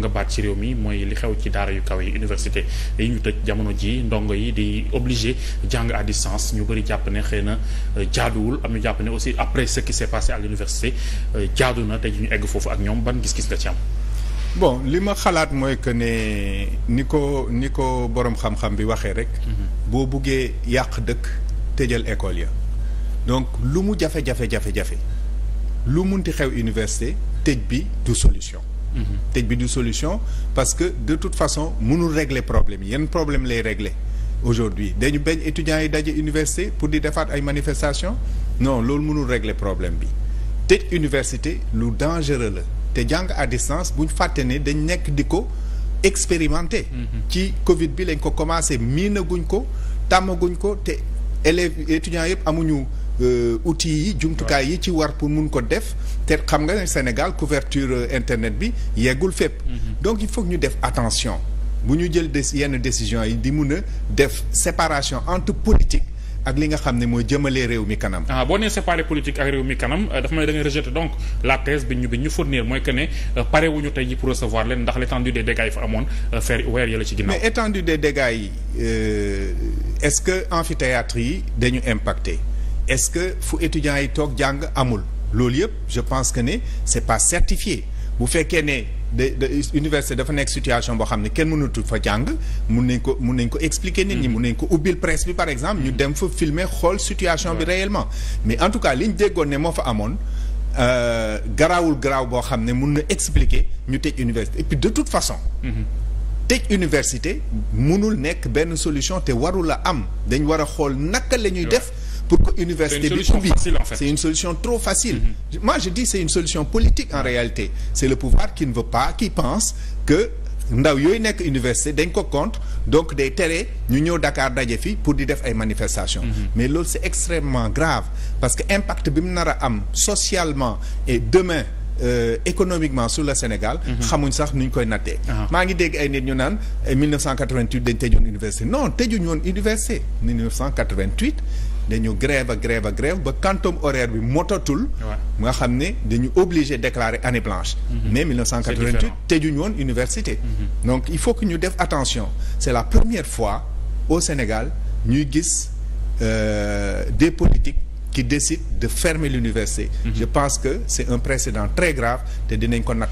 nga baat ci réew mi mooy li xew ci daara yu kaw yi université yi ñu tëj jamono ji ndongo yi di obligé jàng à distance ñu bëri jàpp ne xëy na euh, jaaduwul am jàpp ne aussi après ce qui s'est passé à l'université euh, jaadu na te ñu egg foofu ak ñoom ban gis-gis nga ci bon li ma xalaat mooy que ne ni ko ni ko boroom xam bi waxee rek mhm. boo yàq dëkk tëjal école ya donc lu mu jafe-jafe jafe-jafe lu mun munti xew université tëj bi du solution Mhm. tëj bi du solution parce que de toute façon mënul régler problème yi problème lay régler aujourd'hui dañu bañ étudiants yi daje université pour di defaat ay manifestation no loolu mënul régler problème bi tëj université lu dangereux la te jàng à distance buñ fàtte ne dañ nekk di ko expérimenté mhm. ci covid bi lañ ko commencé miinaguñ ko tàmmaguñ ko te élèves étudiants yëpp amuñu Euh, outils yi jumtukaay yi ci war pour mun ko def te xam nga ne Sénégal couverture euh, internet bi yeggul fépp mhm. donc il faut ñu def attention bu ñu jël des yenn décision yi di mun a def séparation entre politique ak li nga xam ne mooy jëmalee réew mi kanam. ah boo nee séparé politique ak réew mi kanam euh, dafa mel ne da ngay rejeté donc la thèse bi ñu fournir mooy que ne pare wu ñu tey ji pour recevoir leen ndax l' étendue des dégâts yi fi amoon faire weer yële ci ginnaaw. mais étendue est-ce que amphithéâtre yi dañu impacté. est-ce que fu étudiants yi toog jàng amul loolu yëpp je pense que ne c'est pas certifié bu fekkee ne de de université dafa nekk situation boo xam ne kenn mënatul fa jàng mun nañ ko mun nañ ko expliquer nit ñi mm-hmm. mun nañ ko ubbil presse bi par exemple ñu dem fa filmer xool situation bi réellement mais en tout cas li ñu déggoon ne moo fa amoon euh, garaawul garaaw boo xam ne mun na expliquer ñu tëj université et puis de toute façon mm-hmm. tëj université munul nekk benn solution te warul a am dañ war a xool naka la ñuy def pour que université bi ubbi c'est une solution trop facile mm-hmm. moi je dis c'est une solution politique en réalité c'est le pouvoir qui ne veut pas qui pense que ndaw yooyu nekk université dañ ko contre donc day tere ñu ñëw Dakar daje fi pour di def ay manifestations. Mm-hmm. mais loolu c'est extrêmement grave parce que impact bi mu nar a am socialement et demain Euh, économiquement sur le Sénégal. Mm-hmm. xamuñ sax nuñ koy nattee. Uh-huh. maa ngi dégg ay nit ñu naan 1988 eh, dañ tëjoon université non tëjuñu woon université 1988. dañu grève ak grève ak grève ba quantum horaire bi motatul. nga xam ne dañu obligé déclarer année blanche. Mm-hmm. mais 1988 tëjuñu woon université. Mm-hmm. donc il faut que ñu def attention c'est la première fois au Sénégal ñuy gis euh, des politiques. qui décide de fermer l'université. Mm Je pense que c'est un précédent très grave te dinañ ko nag